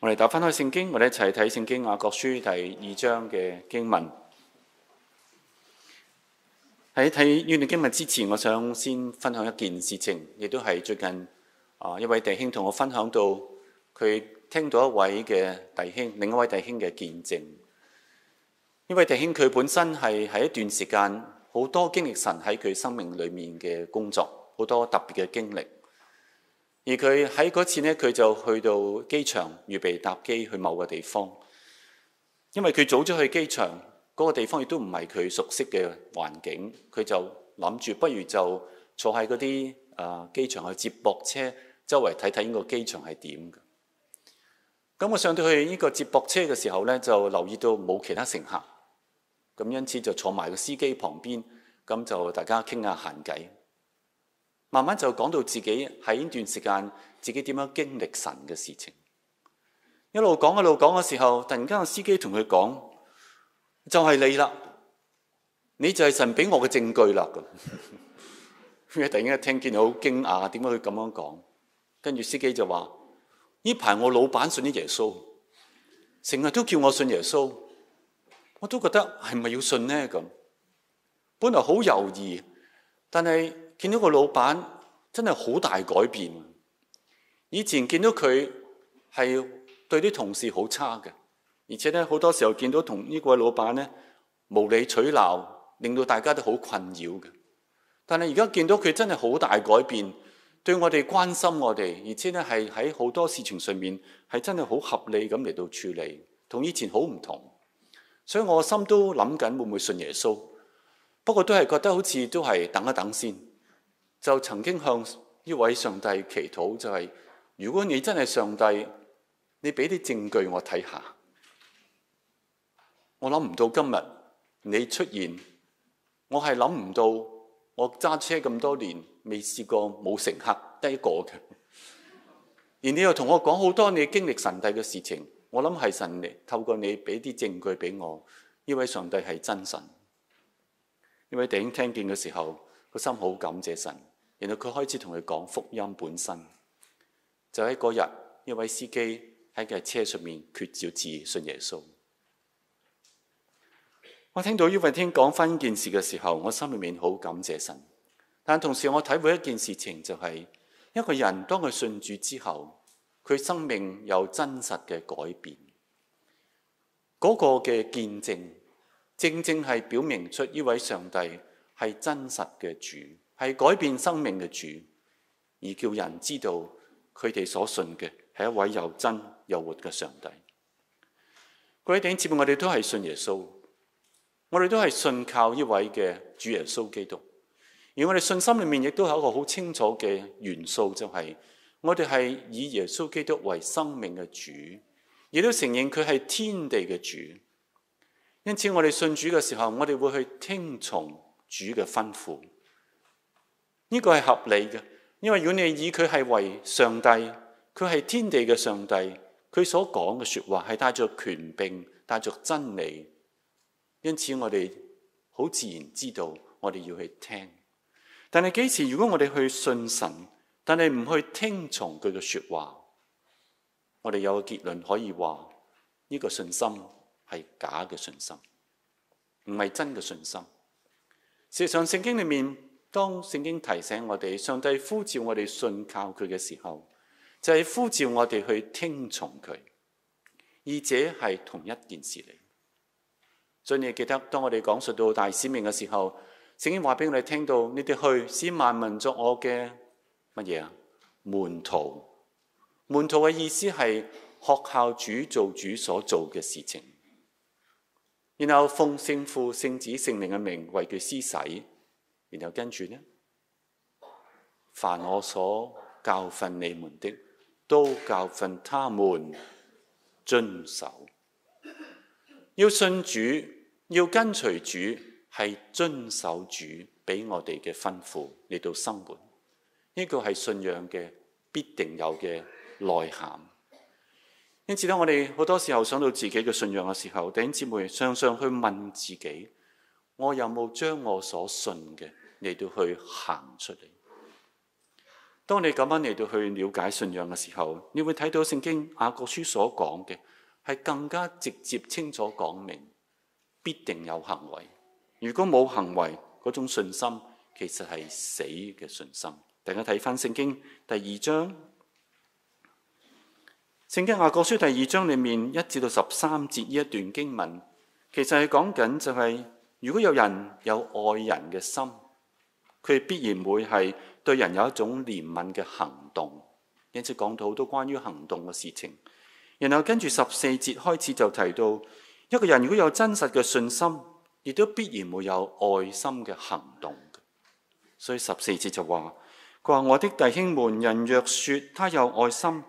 我哋打翻開聖經，我哋一齊睇聖經雅各書第二章嘅經文。喺睇呢段經文之前，我想先分享一件事情，亦都係最近啊一位弟兄同我分享到，佢聽到一位嘅弟兄，另一位弟兄嘅見證。呢位弟兄佢本身係喺一段時間，好多經歷神喺佢生命裏面嘅工作，好多特別嘅經歷。而佢喺嗰次咧，佢就去到機場預備搭機去某個地方，因為佢早咗去機場嗰、嗰個地方，亦都唔係佢熟悉嘅環境，佢就諗住不如就坐喺嗰啲啊機場去接駁車周圍睇睇呢個機場係點嘅。咁、嗯、我上到去呢個接駁車嘅時候咧，就留意到冇其他乘客，咁、嗯、因此就坐埋個司機旁邊，咁、嗯、就大家傾下閒偈。慢慢就講到自己喺呢段時間，自己點樣經歷神嘅事情。一路講一路講嘅時候，突然間個司機同佢講：就係你啦，你就係神俾我嘅證據啦咁。 突然間聽見好驚訝，點解佢咁樣講？跟住司機就話：呢排我老闆信啲耶穌，成日都叫我信耶穌，我都覺得係咪要信呢咁？本來好猶豫，但係。見到個老闆真係好大改變。以前見到佢係對啲同事好差嘅，而且咧好多時候見到同呢位老闆咧無理取鬧，令到大家都好困擾嘅。但係而家見到佢真係好大改變，對我哋關心我哋，而且咧係喺好多事情上面係真係好合理咁嚟到處理，同以前好唔同。所以我心都諗緊會唔會信耶穌，不過都係覺得好似都係等一等先。就曾經向呢位上帝祈禱，就係、是、如果你真係上帝，你俾啲證據我睇下。我諗唔到今日你出現，我係諗唔到我揸車咁多年未試過冇乘客得一個嘅。而你又同我講好多你經歷神帝嘅事情，我諗係神嚟透過你俾啲證據俾我，呢位上帝係真神。呢位弟兄聽見嘅時候，個心好感謝神。然後佢開始同佢講福音本身，就喺嗰日一位司機喺架嘅車上面決志信耶穌。我聽到呢文天講翻呢件事嘅時候，我心裏面好感謝神。但同時我體會一件事情，就係一個人當佢信主之後，佢生命有真實嘅改變。嗰個嘅見證正正係表明出呢位上帝係真實嘅主。係改變生命嘅主，而叫人知道佢哋所信嘅係一位又真又活嘅上帝。各位接住我哋都係信耶穌，我哋都係信靠呢位嘅主耶穌基督。而我哋信心裡面亦都有一個好清楚嘅元素，就係、是、我哋係以耶穌基督為生命嘅主，亦都承認佢係天地嘅主。因此，我哋信主嘅時候，我哋會去聽從主嘅吩咐。呢個係合理嘅，因為如果你以佢係為上帝，佢係天地嘅上帝，佢所講嘅說話係帶著權柄、帶著真理，因此我哋好自然知道我哋要去聽。但係幾時如果我哋去信神，但係唔去聽從佢嘅說話，我哋有個結論可以話：呢個信心係假嘅信心，唔係真嘅信心。事實上，聖經裏面。當聖經提醒我哋，上帝呼召我哋信靠佢嘅時候，就係、是、呼召我哋去聽從佢，二者係同一件事嚟。所以你記得，當我哋講述到大使命嘅時候，聖經話俾我哋聽到：你哋去使，萬民作我嘅乜嘢啊？門徒，門徒嘅意思係學校主做主所做嘅事情，然後奉聖父、聖子、聖靈嘅名為佢施洗。然後跟住呢，凡我所教訓你們的，都教訓他們遵守。要信主，要跟隨主，係遵守主俾我哋嘅吩咐嚟到生活。呢、這個係信仰嘅必定有嘅內涵。因此咧，我哋好多時候想到自己嘅信仰嘅時候，弟兄姊妹常常去問自己。我有冇將我所信嘅嚟到去行出嚟？當你咁樣嚟到去了解信仰嘅時候，你會睇到聖經雅各書所講嘅係更加直接清楚講明，必定有行為。如果冇行為，嗰種信心，其實係死嘅信心。大家睇返聖經第二章，聖經雅各書第二章裏面一至到十三節呢一段經文，其實係講緊就係。如果有人有愛人嘅心，佢必然會係對人有一種憐憫嘅行動，因此講到好多關於行動嘅事情。然後跟住十四節開始就提到，一個人如果有真實嘅信心，亦都必然會有愛心嘅行動。所以十四節就話：佢話我的弟兄們，人若說他有愛心，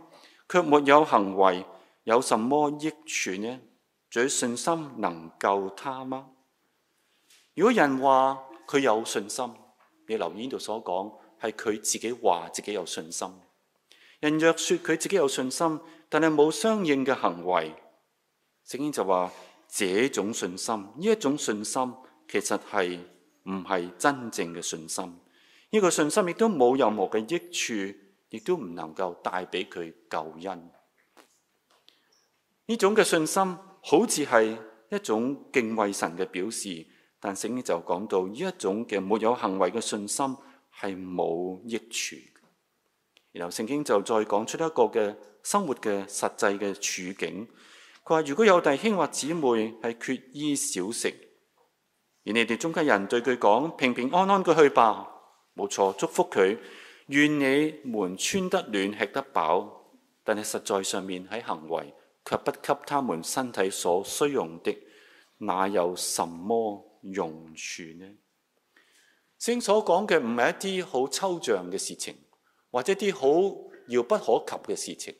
卻沒有行為，有什麼益處呢？這信心能救他嗎？如果人話佢有信心，你留意呢度所講係佢自己話自己有信心。人若說佢自己有信心，但係冇相應嘅行為，聖經就話：這種信心呢一種信心其實係唔係真正嘅信心。呢個信心亦都冇任何嘅益處，亦都唔能夠帶俾佢救恩。呢種嘅信心好似係一種敬畏神嘅表示。但聖經就講到呢一種嘅沒有行為嘅信心係冇益處。然後聖經就再講出一個嘅生活嘅實際嘅處境，佢話：如果有弟兄或姊妹係缺衣少食，而你哋中間人對佢講平平安安嘅去吧，冇錯，祝福佢，願你們穿得暖、吃得飽。但係實在上面喺行為卻不給他們身體所需用的，哪有什麼用處呢，聖所講嘅唔係一啲好抽象嘅事情，或者啲好遙不可及嘅事情，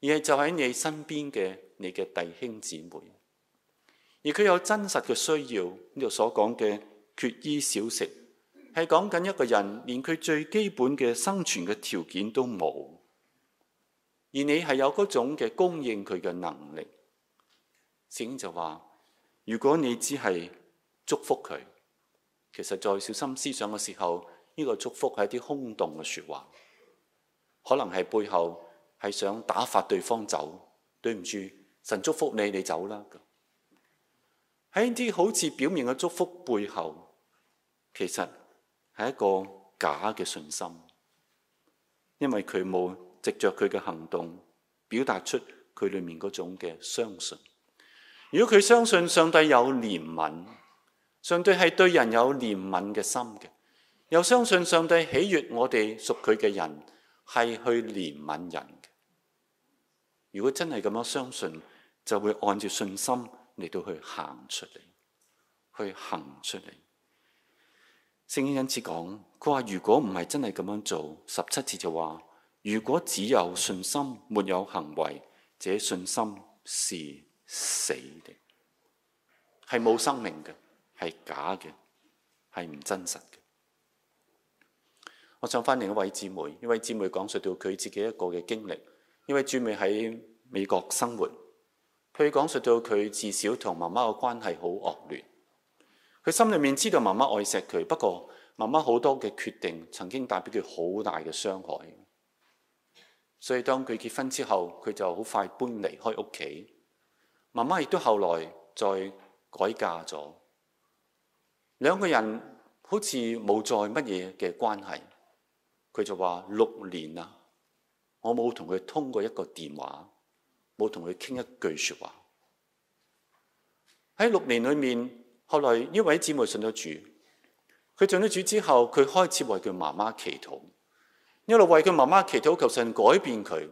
而係就喺你身邊嘅你嘅弟兄姊妹，而佢有真實嘅需要，呢度所講嘅缺衣少食，係講緊一個人連佢最基本嘅生存嘅條件都冇，而你係有嗰種嘅供應佢嘅能力。聖就話：如果你只係祝福佢，其實在小心思想嘅時候，呢個祝福係一啲空洞嘅說話，可能係背後係想打發對方走。對唔住，神祝福你，你走啦。喺呢啲好似表面嘅祝福背後，其實係一個假嘅信心，因為佢冇藉着佢嘅行動表達出佢裏面嗰種嘅相信。如果佢相信上帝有憐憫。上帝係對人有憐憫嘅心嘅，又相信上帝喜悅我哋屬佢嘅人，係去憐憫人嘅。如果真係咁樣相信，就會按照信心嚟，到去行出嚟，去行出嚟。聖經因此講，佢話如果唔係真係咁樣做，十七節就話：如果只有信心，沒有行為，這信心是死的，係冇生命嘅。係假嘅，係唔真實嘅。我想翻另一位姊妹，呢位姊妹講述到佢自己一個嘅經歷。一位姊妹喺美國生活，佢講述到佢自小同媽媽嘅關係好惡劣。佢心裏面知道媽媽愛錫佢，不過媽媽好多嘅決定曾經帶俾佢好大嘅傷害。所以當佢結婚之後，佢就好快搬離開屋企。媽媽亦都後來再改嫁咗。兩個人好似冇再乜嘢嘅關係，佢就話六年啦，我冇同佢通過一個電話，冇同佢傾一句說話。喺六年裏面，後來呢位姊妹信咗主，佢信咗主之後，佢開始為佢媽媽祈禱，一路為佢媽媽祈禱求，求神改變佢。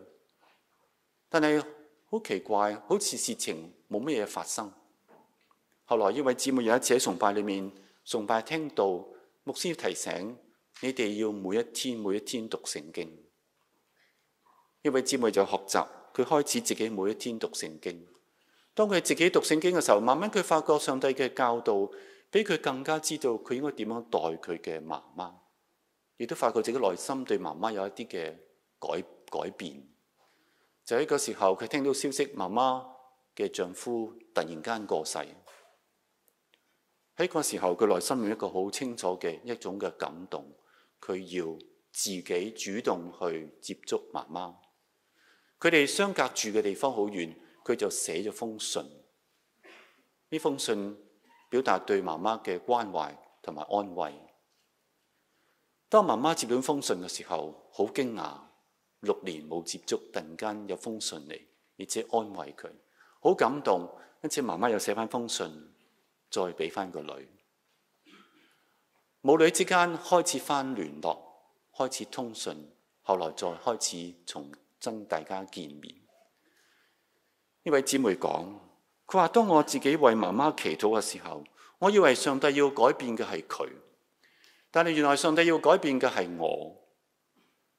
但係好奇怪，好似事情冇乜嘢發生。後來呢位姊妹有一次喺崇拜裏面。崇拜聽到牧師提醒你哋要每一天每一天讀聖經，一位姊妹就學習，佢開始自己每一天讀聖經。當佢自己讀聖經嘅時候，慢慢佢發覺上帝嘅教導俾佢更加知道佢應該點樣待佢嘅媽媽，亦都發覺自己內心對媽媽有一啲嘅改改變。就喺嗰時候，佢聽到消息，媽媽嘅丈夫突然間過世。喺嗰個時候，佢內心有一個好清楚嘅一種嘅感動，佢要自己主動去接觸媽媽。佢哋相隔住嘅地方好遠，佢就寫咗封信。呢封信表達對媽媽嘅關懷同埋安慰。當媽媽接到封信嘅時候，好驚訝，六年冇接觸，突然間有封信嚟，而且安慰佢，好感動。因此媽媽又寫翻封信。再俾翻個女，母女之間開始翻聯絡，開始通訊，後來再開始重真大家見面。呢位姐妹講，佢話：當我自己為媽媽祈禱嘅時候，我以為上帝要改變嘅係佢，但係原來上帝要改變嘅係我，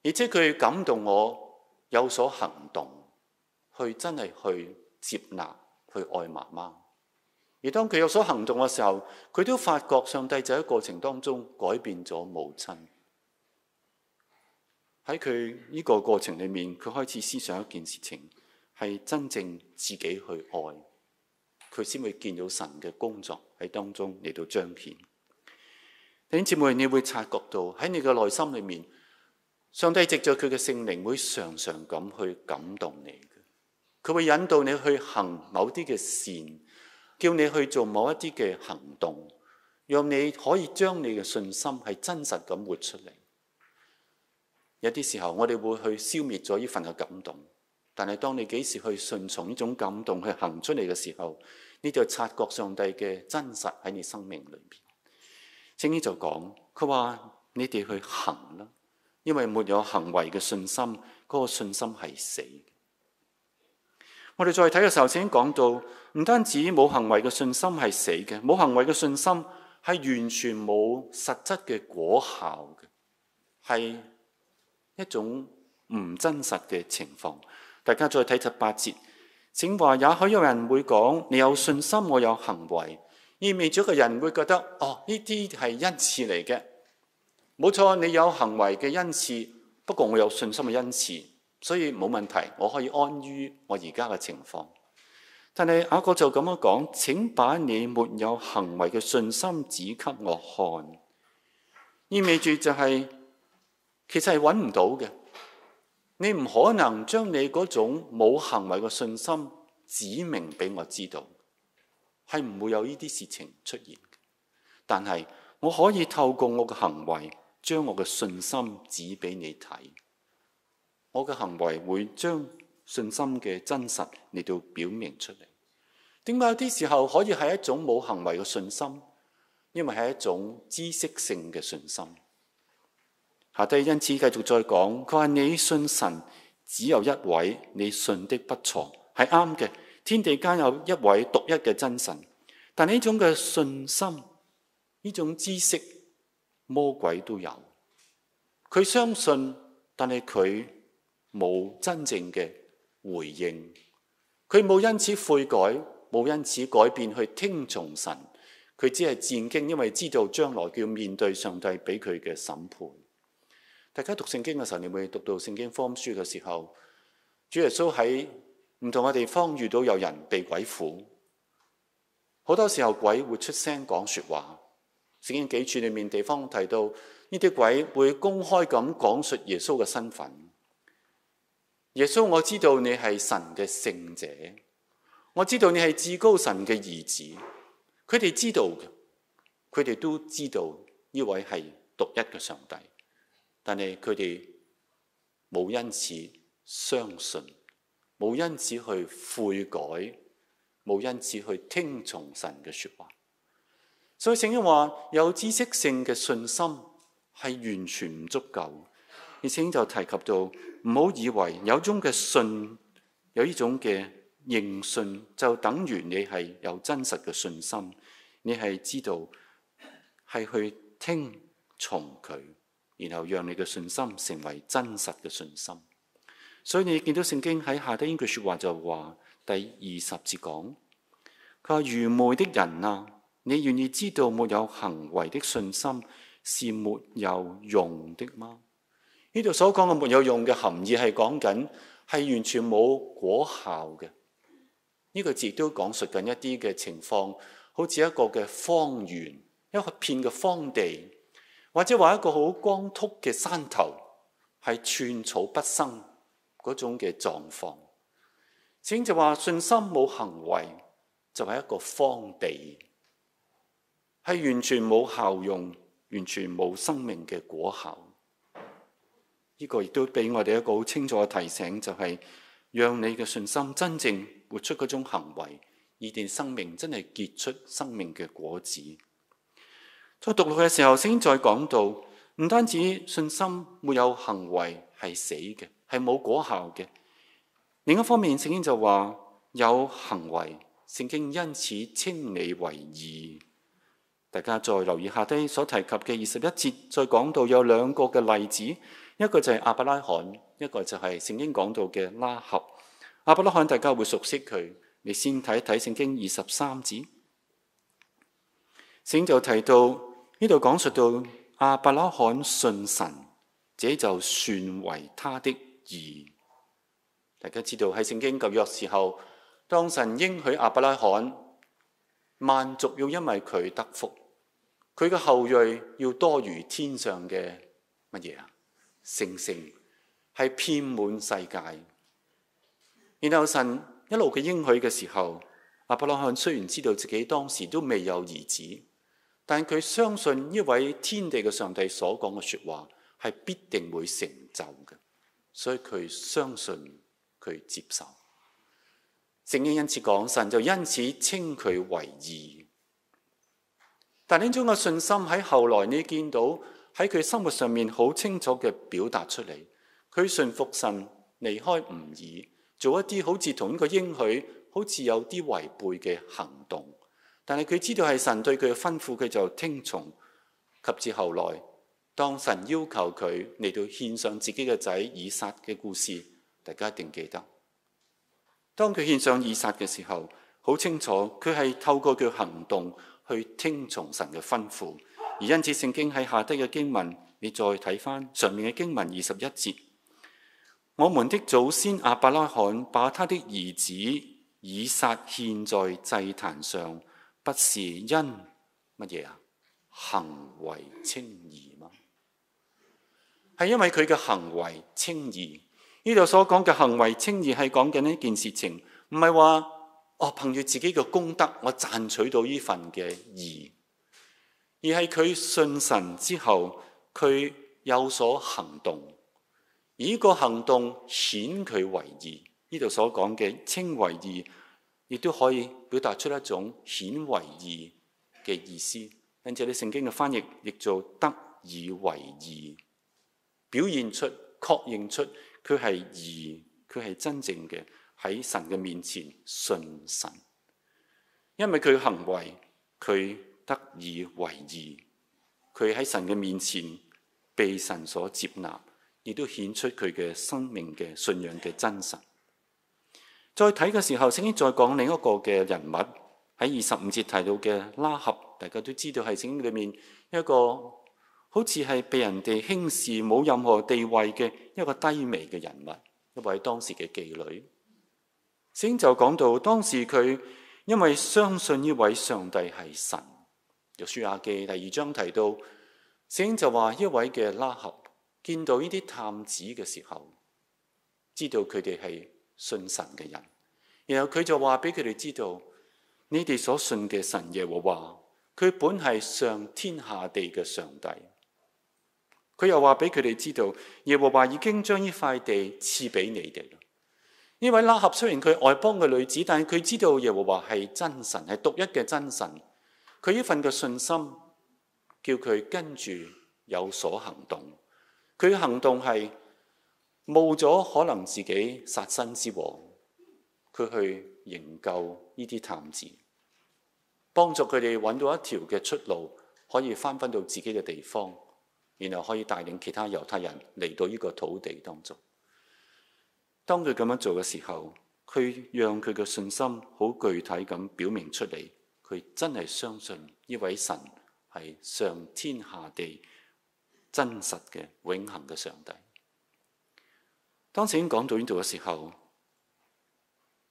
而且佢感動我有所行動，去真係去接納、去愛媽媽。而當佢有所行動嘅時候，佢都發覺上帝就喺過程當中改變咗母親。喺佢呢個過程裏面，佢開始思想一件事情，係真正自己去愛，佢先會見到神嘅工作喺當中嚟到彰顯。弟兄姊妹，你會察覺到喺你嘅內心裏面，上帝藉住佢嘅聖靈會常常咁去感動你嘅。佢會引導你去行某啲嘅善。叫你去做某一啲嘅行動，讓你可以將你嘅信心係真實咁活出嚟。有啲時候我哋會去消滅咗呢份嘅感動，但係當你幾時去順從呢種感動去行出嚟嘅時候，你就察覺上帝嘅真實喺你生命裏面。聖經就講，佢話你哋去行啦，因為沒有行為嘅信心，嗰個信心係死。我哋再睇嘅時候，先講到。唔單止冇行為嘅信心係死嘅，冇行為嘅信心係完全冇實質嘅果效嘅，係一種唔真實嘅情況。大家再睇七八節，請話，也許有人會講：你有信心，我有行為，意味咗個人會覺得哦，呢啲係恩賜嚟嘅。冇錯，你有行為嘅恩賜，不過我有信心嘅恩賜，所以冇問題，我可以安於我而家嘅情況。但係阿哥，就咁樣講，請把你沒有行為嘅信心指給我看，意味住就係其實係揾唔到嘅。你唔可能將你嗰種冇行為嘅信心指明俾我知道，係唔會有呢啲事情出現。但係我可以透過我嘅行為，將我嘅信心指俾你睇。我嘅行為會將。信心嘅真實你都表明出嚟。點解有啲時候可以係一種冇行為嘅信心？因為係一種知識性嘅信心。下低因此繼續再講，佢話，你信神只有一位，你信的不錯，係啱嘅。天地間有一位獨一嘅真神，但呢種嘅信心，呢種知識，魔鬼都有。佢相信，但係佢冇真正嘅。回應，佢冇因此悔改，冇因此改變去聽從神，佢只係戰驚，因為知道將來要面對上帝俾佢嘅審判。大家讀聖經嘅時候，你會讀到聖經方書嘅時候，主耶穌喺唔同嘅地方遇到有人被鬼附，好多時候鬼會出聲講說話。聖經幾處裏面地方提到呢啲鬼會公開咁講述耶穌嘅身份。耶穌，我知道你係神嘅聖者，我知道你係至高神嘅兒子。佢哋知道嘅，佢哋都知道呢位係獨一嘅上帝，但係佢哋冇因此相信，冇因此去悔改，冇因此去聽從神嘅說話。所以聖經話，有知識性嘅信心係完全唔足夠。而聖經就提及到。唔好以為有種嘅信，有呢種嘅認信，就等於你係有真實嘅信心。你係知道係去聽從佢，然後讓你嘅信心成為真實嘅信心。所以你見到聖經喺下低英句説話就話：第二十節講，佢話愚昧的人啊，你願意知道沒有行為的信心是沒有用的嗎？呢度所講嘅沒有用嘅含義係講緊係完全冇果效嘅。呢、這個字都講述緊一啲嘅情況，好似一個嘅荒原，一個片嘅荒地，或者話一個好光禿嘅山頭，係寸草不生嗰種嘅狀況。所以就話信心冇行為，就係、是、一個荒地，係完全冇效用、完全冇生命嘅果效。呢個亦都俾我哋一個好清楚嘅提醒，就係、是、讓你嘅信心真正活出嗰種行為，以便生命真係結出生命嘅果子。再讀落去嘅時候，聖經再講到，唔單止信心沒有行為係死嘅，係冇果效嘅。另一方面，聖經就話有行為，聖經因此清理為義。大家再留意下，低所提及嘅二十一節，再講到有兩個嘅例子。一個就係亞伯拉罕，一個就係聖經講到嘅拉合。亞伯拉罕大家會熟悉佢，你先睇睇聖經二十三節，聖經就提到呢度講述到亞伯拉罕信神，這就算為他的義。大家知道喺聖經舊約時候，當神應許亞伯拉罕，萬族要因為佢得福，佢嘅後裔要多於天上嘅乜嘢啊？成聖係遍滿世界，然後神一路嘅應許嘅時候，亞伯拉罕雖然知道自己當時都未有兒子，但佢相信一位天地嘅上帝所講嘅說話係必定會成就嘅，所以佢相信佢接受。聖經因此講，神就因此稱佢為義，但呢種嘅信心喺後來你見到。喺佢生活上面好清楚嘅表達出嚟，佢順服神，離開吾珥，做一啲好似同一個應許，好似有啲違背嘅行動，但係佢知道係神對佢嘅吩咐，佢就聽從。及至後來，當神要求佢嚟到獻上自己嘅仔以撒嘅故事，大家一定記得。當佢獻上以撒嘅時候，好清楚佢係透過佢行動去聽從神嘅吩咐。而因此，聖經喺下低嘅經文，你再睇返上面嘅經文二十一節，我們的祖先亞伯拉罕把他的兒子以撒獻在祭壇上，不是因乜嘢啊？行為稱義嗎？係因為佢嘅行為稱義。呢度所講嘅行為稱義係講緊一件事情，唔係話我憑住自己嘅功德，我賺取到呢份嘅義。而係佢信神之後，佢有所行動，以個行動顯佢為義。呢度所講嘅稱為義，亦都可以表達出一種顯為義嘅意思。甚至你聖經嘅翻譯，亦做得以為義，表現出確認出佢係義，佢係真正嘅喺神嘅面前信神。因為佢行為，佢得以為義，佢喺神嘅面前被神所接納，亦都顯出佢嘅生命嘅信仰嘅真實。再睇嘅時候，聖經再講另一個嘅人物喺二十五節提到嘅拉合，大家都知道係聖經裏面一個好似係被人哋輕視、冇任何地位嘅一個低微嘅人物，一位當時嘅妓女。聖經就講到當時佢因為相信呢位上帝係神。約書亞記第二章提到，聖經就話一位嘅拉合見到呢啲探子嘅時候，知道佢哋係信神嘅人，然後佢就話俾佢哋知道，你哋所信嘅神耶和華，佢本係上天下地嘅上帝。佢又話俾佢哋知道，耶和華已經將呢塊地賜俾你哋啦。呢位拉合雖然佢外邦嘅女子，但係佢知道耶和華係真神，係獨一嘅真神。佢呢份嘅信心，叫佢跟住有所行動，佢行動係冒咗可能自己殺身之禍，佢去營救呢啲探子，幫助佢哋揾到一條嘅出路，可以翻返到自己嘅地方，然後可以帶領其他猶太人嚟到呢個土地當中。當佢咁樣做嘅時候，佢讓佢嘅信心好具體咁表明出嚟。佢真係相信呢位神係上天下地真實嘅永恆嘅上帝。當時已經講到呢度嘅時候，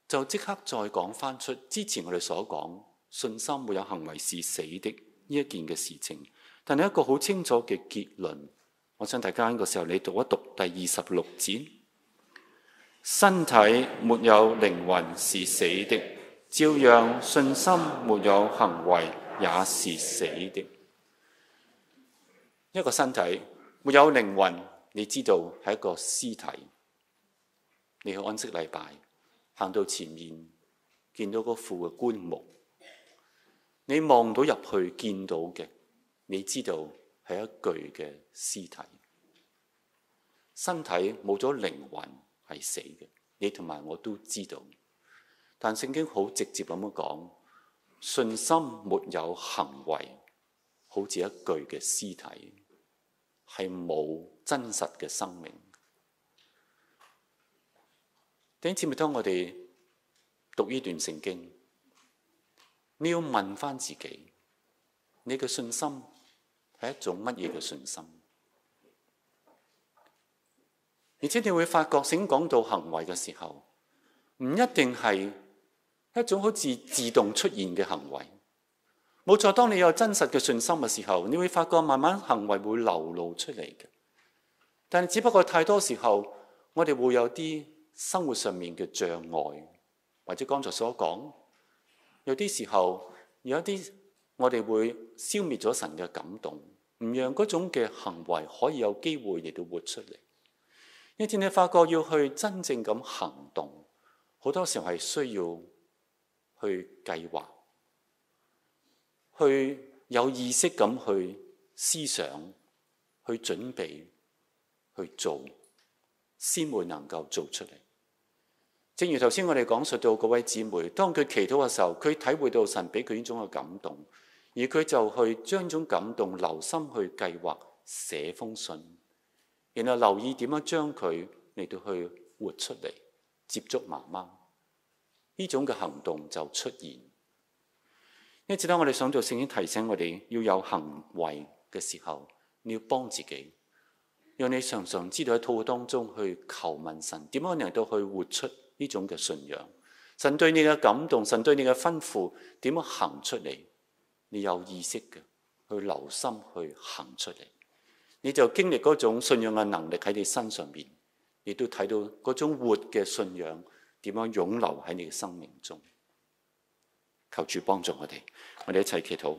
就即刻再講翻出之前我哋所講信心沒有行為是死的呢一件嘅事情。但係一個好清楚嘅結論，我想大家呢個時候你讀一讀第二十六節：身體沒有靈魂是死的。照樣信心沒有行為也是死的。一個身體沒有靈魂，你知道係一個屍體。你去安息禮拜，行到前面見到嗰副嘅棺木，你望到入去見到嘅，你知道係一具嘅屍體。身體冇咗靈魂係死嘅，你同埋我都知道。但聖經好直接咁樣講，信心沒有行為，好似一具嘅屍體，係冇真實嘅生命。第一次咪當我哋讀呢段聖經，你要問翻自己，你嘅信心係一種乜嘢嘅信心？而且你會發覺，先講到行為嘅時候，唔一定係。一種好似自動出現嘅行為，冇錯。當你有真實嘅信心嘅時候，你會發覺慢慢行為會流露出嚟嘅。但只不過太多時候，我哋會有啲生活上面嘅障礙，或者剛才所講有啲時候，有一啲我哋會消滅咗神嘅感動，唔讓嗰種嘅行為可以有機會嚟到活出嚟。因此，你發覺要去真正咁行動，好多時候係需要。去計劃，去有意識咁去思想，去準備，去做，先會能夠做出嚟。正如頭先我哋講述到，嗰位姊妹當佢祈禱嘅時候，佢體會到神俾佢呢種嘅感動，而佢就去將呢種感動留心去計劃，寫封信，然後留意點樣將佢嚟到去活出嚟，接觸媽媽。呢種嘅行動就出現，因此當我哋想做聖經提醒我哋要有行為嘅時候，你要幫自己，讓你常常知道喺痛苦當中去求問神，點樣能夠去活出呢種嘅信仰。神對你嘅感動，神對你嘅吩咐，點樣行出嚟？你有意識嘅去留心去行出嚟，你就經歷嗰種信仰嘅能力喺你身上邊，亦都睇到嗰種活嘅信仰。點樣湧流喺你嘅生命中？求主幫助我哋，我哋一齊祈禱。